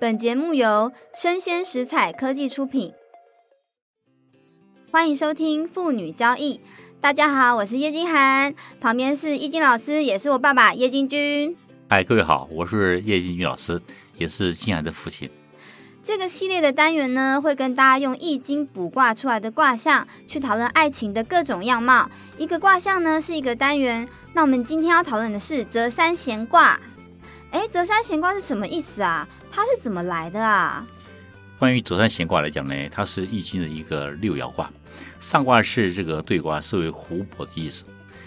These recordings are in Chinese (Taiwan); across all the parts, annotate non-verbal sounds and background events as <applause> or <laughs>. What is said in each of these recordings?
本節目由聲鮮時采科技出品，歡迎收聽《父女交易》。大家好，我是葉金涵，旁邊是易經老師，也是我爸爸葉金軍。嗨，各位好，我是葉金玉老師，也是金涵的父親。這個系列的單元呢，會跟大家用易經卜卦出來的卦象去討論愛情的各種樣貌。一個卦象呢是一個單元，那我們今天要討論的是澤山咸卦。哎，澤山咸卦是什麼意思啊？它是怎麼來的啊？關於澤山咸卦來講呢，它是《易經》的一個六爻卦，上卦是這個兌卦，視為湖泊的意思；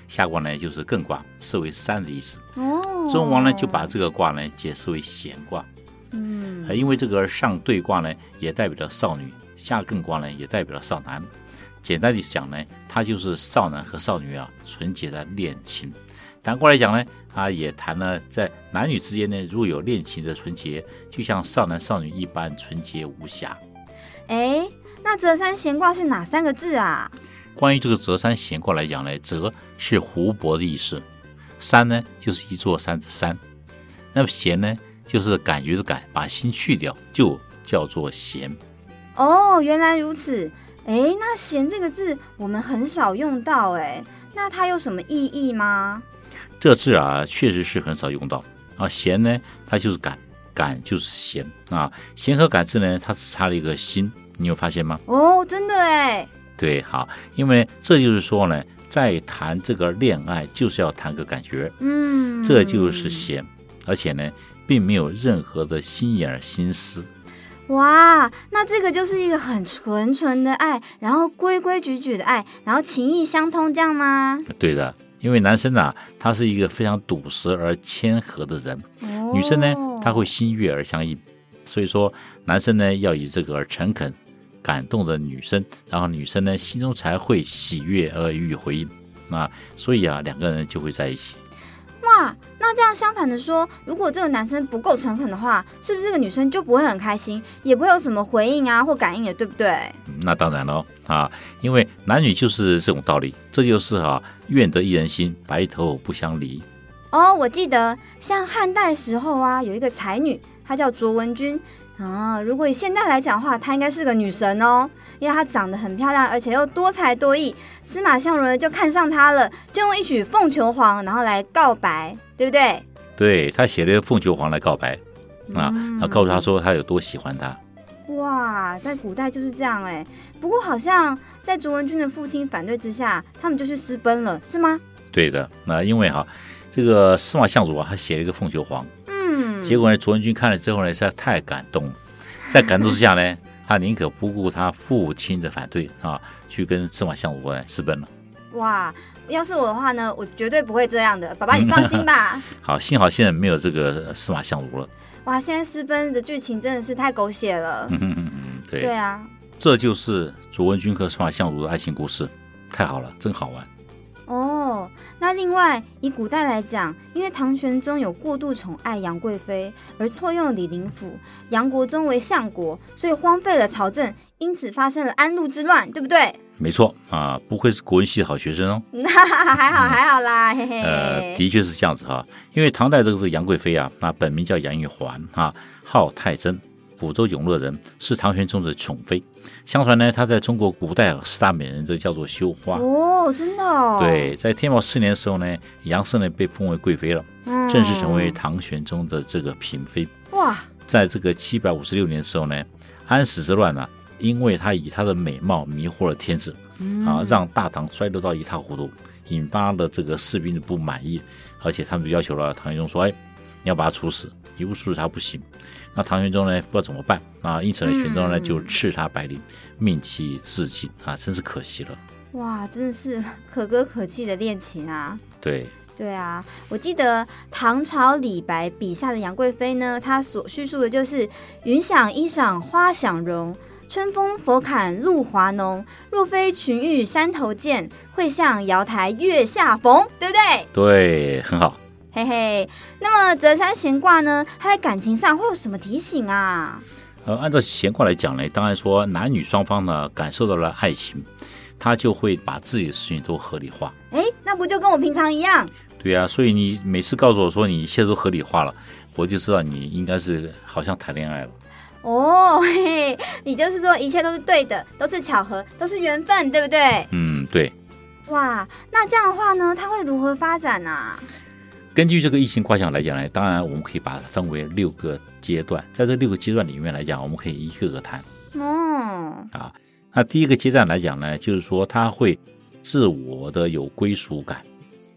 下卦呢就是艮卦，視為山的意思。哦，周文王呢就把這個卦呢解釋為咸卦。嗯，因為這個上兌卦呢也代表了少女，下艮卦呢也代表了少男。簡單的講呢，它就是少男和少女啊純潔的戀情。反過來講呢，它也談了在男女之間呢，如果有戀情的純潔，就像少男少女一般純潔無瑕。哎，那“澤山咸卦”是哪三個字啊？關於這個“澤山咸卦”來講呢，“澤”是湖泊的意思，“山”呢就是一座山的“山”，那麼“咸”呢就是“感覺”的“感”，把“心”去掉就叫做“咸”。哦，原來如此。哎，那“咸”這個字我們很少用到，哎，那它有什麼意義嗎？這字啊，確實是很少用到啊。咸呢，它就是感，感就是鹹啊。咸和感字呢，它只差了一個心，你有發現嗎？哦，真的誒。對，好，因為這就是說呢，在談這個戀愛，就是要談個感覺，嗯，這就是咸，而且呢，並沒有任何的心眼心思。哇，那這個就是一個很純純的愛，然後規規矩矩的愛，然後情意相通這樣嗎？對的。因為男生啊，他是一個非常篤實而謙和的人，女生呢，她會心悅而相依，所以說男生呢，要以這個而誠懇感動的女生，然後女生呢，心中才會喜悅而予以回應啊，所以啊，兩個人就會在一起。哇，那這樣相反的說，如果這個男生不夠誠懇的話，是不是這個女生就不會很開心，也不會有什麼回應啊或感應的，對不對？那當然了啊，因為男女就是這種道理，這就是哈、啊，願得一人心，白頭不相離。哦，我記得像漢代時候啊，有一個才女，她叫卓文君啊。如果以現代來講的話，她應該是個女神哦，因為她長得很漂亮，而且又多才多藝。司馬相如呢就看上她了，就用一曲《鳳求凰》然後來告白，對不對？對，他寫了《鳳求凰》來告白，啊，嗯、然後告訴她說她有多喜歡她。哇，在古代就是這樣哎、欸，不過好像在卓文君的父親反對之下，他們就去私奔了，是嗎？對的，那因為哈，這個司馬相如啊，他寫了一個鳳《鳳求凰》，嗯，結果呢，卓文君看了之後呢，實在太感動，在感動之下呢， <laughs> 他寧可不顧他父親的反對啊，去跟司馬相如啊私奔了。哇，要是我的話呢，我絕對不會這樣的，爸爸你放心吧。嗯、 <laughs> 好，幸好現在沒有這個司馬相如了。哇，現在私奔的劇情真的是太狗血了。嗯哼哼哼，對，對啊，這就是卓文君和司馬相如的愛情故事，太好了，真好玩。哦，那另外以古代來講，因為唐玄宗有過度寵愛楊貴妃，而錯用李林甫、楊國忠為相國，所以荒廢了朝政，因此發生了安祿之亂，對不對？沒錯啊，呃，不愧是國文系的好學生哦。 <laughs> 還好還好啦，嘿嘿。呃，的確是這樣子哈，因為唐代這個是楊貴妃啊，那本名叫楊玉環啊，號太真。古州永樂人，是唐玄宗的寵妃。相傳呢，她在中國古代四大美人，則叫做羞花。哦，真的、哦？對，在天寶四年的時候呢，楊氏呢被封為貴妃了，嗯、正式成為唐玄宗的這個嬪妃。哇！在這個七百五十六年的時候呢，安史之亂呢、啊，因為她以她的美貌迷惑了天子，嗯、啊，讓大唐衰落到一塌糊塗，引發了這個士兵的不滿意，而且他們就要求了唐玄宗說：“哎。”你要把他處死，一步處死他不行。那唐玄宗呢？不知道怎麼辦啊！那因此呢，玄宗、嗯、呢就賜他白綾，命其自盡啊！真是可惜了。哇，真的是可歌可泣的戀情啊！對，對啊，我記得唐朝李白筆下的楊貴妃呢，他所敘述的就是“雲想衣裳花想容，春風拂檻露華濃。若非群玉山頭見，會向瑤台月下逢”，對不對？對，很好。嘿嘿，hey hey, 那麼澤山咸卦呢？他在感情上會有什麼提醒啊？呃，按照咸卦來講呢，當然說男女雙方呢感受到了愛情，他就會把自己的事情都合理化。哎、欸，那不就跟我平常一樣？對啊，所以你每次告訴我說你一切都合理化了，我就知道你應該是好像談戀愛了。哦，嘿嘿，你就是說一切都是對的，都是巧合，都是緣分，對不對？嗯，對。哇，那這樣的話呢，他會如何發展啊？根據這個異性卦象來講呢，當然我們可以把它分為六個階段，在這六個階段裡面來講，我們可以一個個談。嗯。啊，那第一個階段來講呢，就是說他會自我的有歸屬感。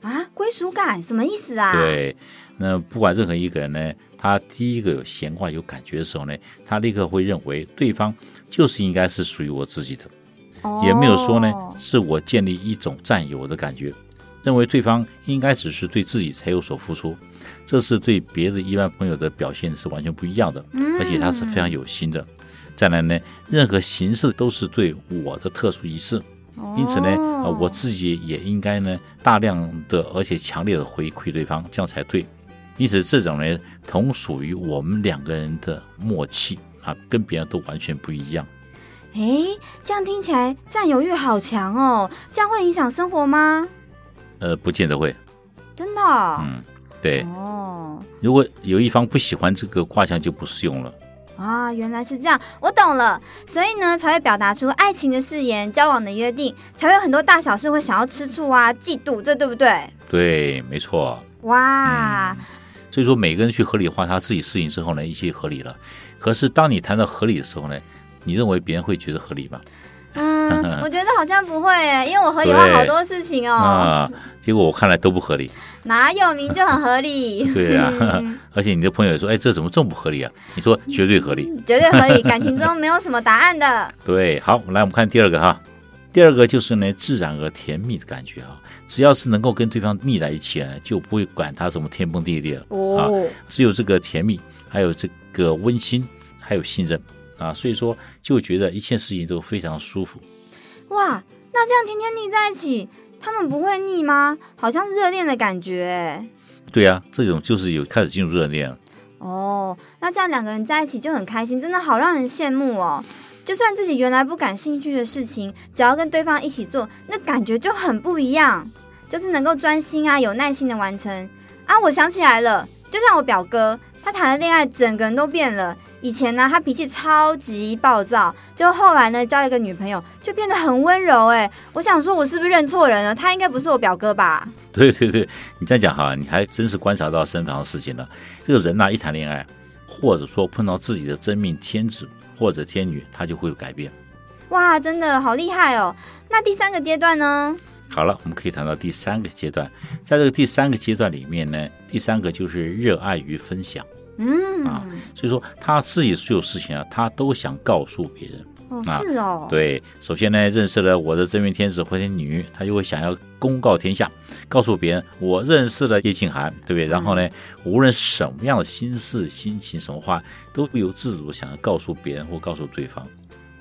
啊，歸屬感什麼意思啊？對，那不管任何一個人呢，他第一個有咸卦有感覺的時候呢，他立刻會認為對方就是應該是屬於我自己的，哦、也沒有說呢是我建立一種佔有的感覺。認為對方應該只是對自己才有所付出，這是對別的一般朋友的表現是完全不一樣的，而且他是非常有心的。再來呢，任何形式都是對我的特殊儀式，因此呢，呃，我自己也應該呢，大量的而且強烈的回饋對方，這樣才對。因此，這種呢，同屬於我們兩個人的默契啊，跟別人都完全不一樣。哎，這樣聽起來佔有欲好強哦，這樣會影響生活嗎？呃，不見得會，真的哦？嗯，對。哦，oh. 如果有一方不喜歡這個卦象，就不適用了。啊，oh, 原來是這樣，我懂了。所以呢，才會表達出愛情的誓言、交往的約定，才會有很多大小事會想要吃醋啊、嫉妒，這對不對？對，沒錯。哇。嗯，所以說每個人去合理化他自己事情之後呢，一切合理了。可是當你談到合理的時候呢，你認為別人會覺得合理嗎？嗯、我覺得好像不會，因為我合理化好多事情哦。啊、呃，結果我看來都不合理。哪有名就很合理？ <laughs> 對啊。而且你的朋友也說，哎，這怎麼這麼不合理啊？你說絕對合理，嗯，絕對合理。感情中沒有什麼答案的。 <laughs> 對，好，來我們看第二個哈。第二個就是呢，自然而甜蜜的感覺啊。只要是能夠跟對方膩在一起啊，就不會管他什麼天崩地裂了。哦、啊。只有這個甜蜜，還有這個溫馨，還有信任。啊，所以說就覺得一切事情都非常舒服。哇，那這樣天天膩在一起，他們不會膩嗎？好像是熱戀的感覺。對啊，這種就是有開始進入熱戀了。哦，那這樣兩個人在一起就很開心，真的好讓人羨慕哦。就算自己原來不感興趣的事情，只要跟對方一起做，那感覺就很不一樣。就是能夠專心啊，有耐心的完成啊。我想起來了，就像我表哥，他談了戀愛，整個人都變了。以前呢，他脾氣超級暴躁，就後來呢，交了一個女朋友，就變得很溫柔。哎，我想說，我是不是認錯人了？他應該不是我表哥吧？對對對，你這樣講哈，你還真是觀察到身旁的事情了。這個人呢，一談戀愛，或者說碰到自己的真命天子或者天女，他就會有改變。哇，真的好厲害哦！那第三個階段呢？好了，我們可以談到第三個階段，在這個第三個階段裡面呢，第三個就是熱愛與分享。嗯啊，所以說他自己所有事情啊，他都想告訴別人。哦，是哦。對，首先呢，認識了我的真命天子或天女，他就會想要公告天下，告訴別人我認識了葉慶涵，對不對？嗯，然後呢，無論什麼樣的心事心情，什麼話都不由自主想要告訴別人或告訴對方。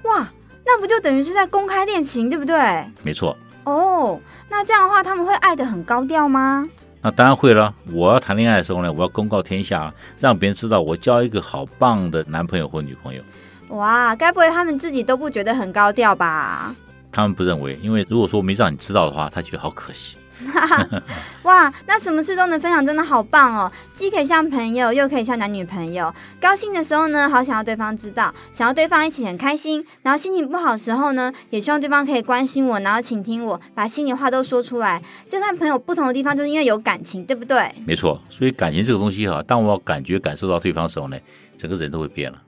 哇，那不就等於是在公開戀情，對不對？沒錯。哦，oh, 那這樣的話，他們會愛得很高調嗎？那當然會了。我要談戀愛的時候呢，我要公告天下，讓別人知道我交一個好棒的男朋友或女朋友。哇，該不會他們自己都不覺得很高調吧？他們不認為，因為如果說我沒讓你知道的話，他覺得好可惜。哈哈， <laughs> 哇，那什麼事都能分享，真的好棒哦！既可以像朋友，又可以像男女朋友。高興的時候呢，好想要對方知道，想要對方一起很開心。然後心情不好的時候呢，也希望對方可以關心我，然後傾聽我，把心裡話都說出來。這段朋友不同的地方，就是因為有感情，對不對？沒錯，所以感情這個東西哈，當我感覺感受到對方的時候呢，整個人都會變了。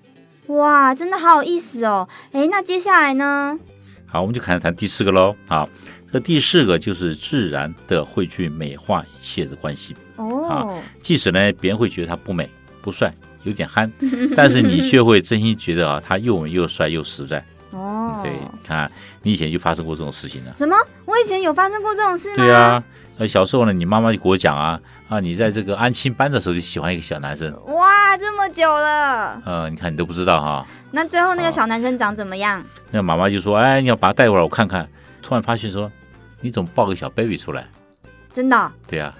哇，真的好有意思哦！哎，那接下來呢？好，我們就看看第四個嘍。好。這第四個就是自然的會去美化一切的關係哦，啊，oh. 即使呢別人會覺得他不美不帥有點憨，但是你卻會真心覺得啊他又美又帥又實在哦。Oh. 對，你、啊、看，你以前就發生過這種事情了？什麼？我以前有發生過這種事情？對呀、啊，小時候呢，你媽媽就給我講啊，啊，你在這個安親班的時候就喜歡一個小男生。哇，這麼久了？嗯、呃，你看你都不知道哈、啊。那最後那個小男生長怎麼樣、哦？那媽媽就說，哎，你要把他帶過來我看看。突然發現說。一種抱個小 baby 出來，真的？對呀，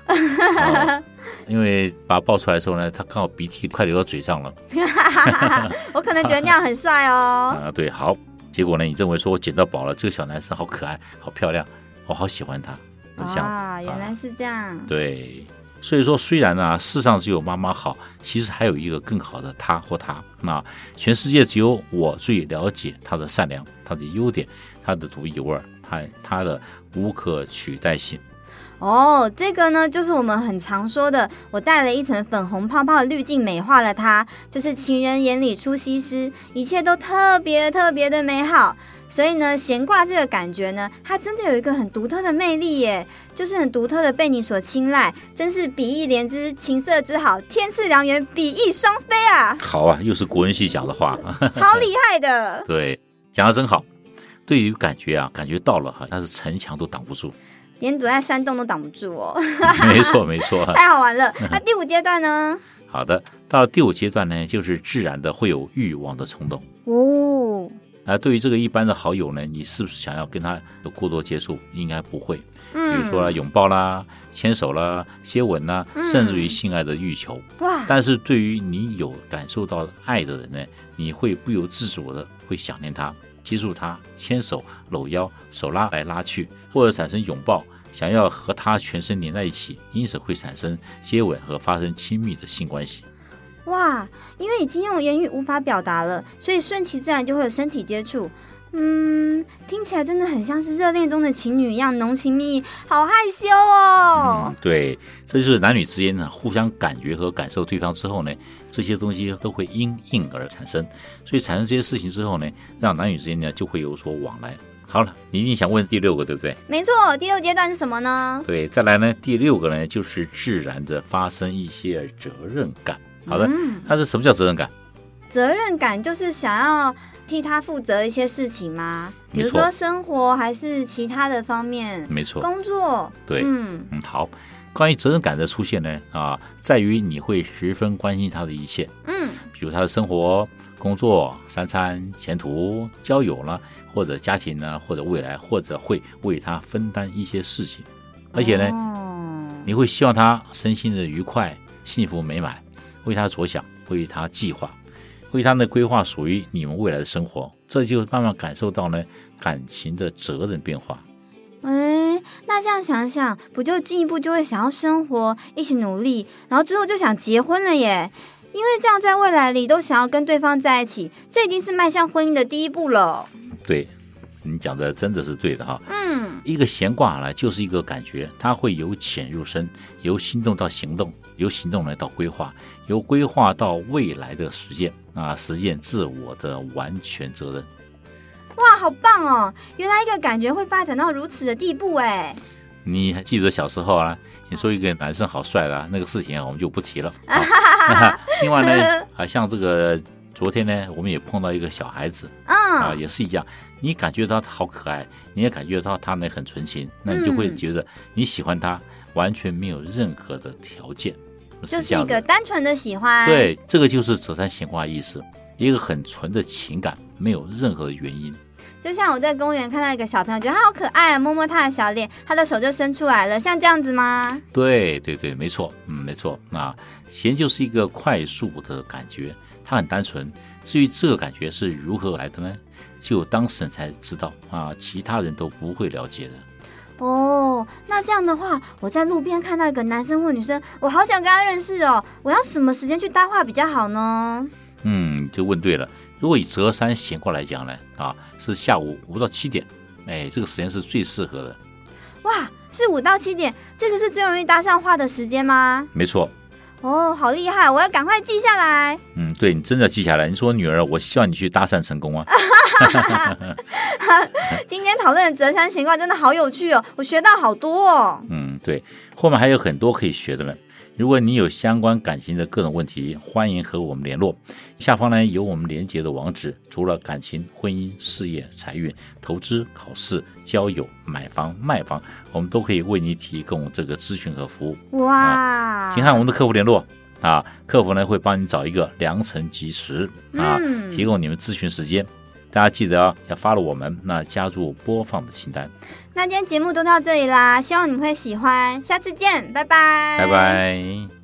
因為把他抱出來之後呢，他剛好鼻涕快流到嘴上了。 <laughs> <laughs> 我可能覺得那樣很帥哦。啊，對，好。結果呢，你認為說我撿到寶了，這個小男生好可愛，好漂亮，我好喜歡他。哦、啊，原來是這樣。對，所以說雖然呢，世上只有媽媽好，其實還有一個更好的他或她。那全世界只有我最了解他的善良，他的優點，他的獨一無二，他他的。無可取代性哦，oh, 這個呢，就是我們很常說的。我帶了一層粉紅泡泡的濾鏡，美化了它，就是情人眼裡出西施，一切都特別特別的美好。所以呢，咸卦這個感覺呢，它真的有一個很獨特的魅力耶，就是很獨特的被你所青睞，真是比翼連枝、琴瑟之好、天賜良緣、比翼雙飛啊！好啊，又是國文系講的話， <laughs> 超厲害的。 <laughs> 對，講的真好。對於感覺啊，感覺到了哈，但是城牆都擋不住，連躲在山洞都擋不住哦。 <laughs> 沒錯，沒錯，太好玩了。 <laughs> 那第五階段呢？好的，到了第五階段呢，就是自然的會有欲望的衝動哦。那對於這個一般的好友呢，你是不是想要跟他有過多接觸？應該不會。嗯，比如說、啊嗯、擁抱啦、牽手啦、接吻啦，嗯、甚至於性愛的欲求哇。但是對於你有感受到愛的人呢，你會不由自主的會想念他。接觸他，牽手、摟腰、手拉來拉去，或者產生擁抱，想要和他全身連在一起，因此會產生接吻和發生親密的性關係。哇，因為已經用言語無法表達了，所以順其自然就會有身體接觸。嗯，聽起來真的很像是熱戀中的情侶一樣濃情蜜意，好害羞哦。嗯，對，這就是男女之間呢互相感覺和感受對方之後呢，這些東西都會因應而產生。所以產生這些事情之後呢，讓男女之間呢就會有所往來。好了，你一定想問第六個，對不對？沒錯，第六階段是什麼呢？對，再來呢，第六個呢就是自然的發生一些責任感。好的，那、嗯、是什麼叫責任感？責任感就是想要替他負責一些事情嗎？比如說生活還是其他的方面？沒錯，工作。對，嗯嗯，好。關於責任感的出現呢，啊，在於你會十分關心他的一切，嗯，比如他的生活、工作、三餐、前途、交友啦，或者家庭呢，或者未來，或者會為他分擔一些事情，而且呢，哦，你會希望他身心的愉快、幸福美滿，為他着想，為他計劃。為他們的規劃屬於你們未來的生活，這就是慢慢感受到呢，感情的責任變化。哎、欸，那這樣想想，不就進一步就會想要生活，一起努力，然後之後就想結婚了耶？因為這樣在未來裡都想要跟對方在一起，這已經是邁向婚姻的第一步了。對，你講的真的是對的哈。嗯一個咸卦來，就是一個感覺，它會由淺入深，由心動到行動，由行動來到規劃，由規劃到未來的實踐啊，實踐自我的完全責任。哇，好棒哦！原來一個感覺會發展到如此的地步哎。你還記得小時候啊？你說一個男生好帥的那個事情，我們就不提了。好 <laughs> 另外呢，啊，像這個昨天呢，我們也碰到一個小孩子。啊，也是一樣。你感覺到他好可愛，你也感覺到他呢很純情，那你就會覺得你喜歡他，完全沒有任何的條件，嗯、是就是一個單純的喜歡。對，這個就是澤山咸卦意思，一個很純的情感，沒有任何原因。就像我在公園看到一個小朋友，覺得他好可愛，啊，摸摸他的小臉，他的手就伸出來了，像這樣子嗎？對對對，沒錯，嗯，沒錯。那、啊、咸就是一個快速的感覺。他很單純，至於這個感覺是如何來的呢？只有當事人才知道啊，其他人都不會了解的。哦，那這樣的話，我在路邊看到一個男生或女生，我好想跟他認識哦，我要什麼時間去搭話比較好呢？嗯，就問對了。如果以澤山咸卦來講呢，啊，是下午五到七點，哎，這個時間是最適合的。哇，是五到七點，這個是最容易搭上話的時間嗎？沒錯。哦，好厲害！我要趕快記下來。嗯，對，你真的要記下來。你說我女兒，我希望你去搭訕成功啊。 <laughs> 今天討論的澤山咸卦真的好有趣哦，我學到好多哦。嗯，對，後面還有很多可以學的呢。如果你有相關感情的各種問題，歡迎和我們聯絡。下方呢有我們連接的網址。除了感情、婚姻、事業、財運、投資、考試、交友、買房、賣房，我們都可以為你提供這個諮詢和服務。哇！啊，請和我們的客服聯絡啊，客服呢會幫你找一個良辰吉時啊，提供你們諮詢時間。大家記得要 follow 我們，那加入播放的清單。那今天節目都到這裡啦，希望你們會喜歡，下次見，拜拜，拜拜。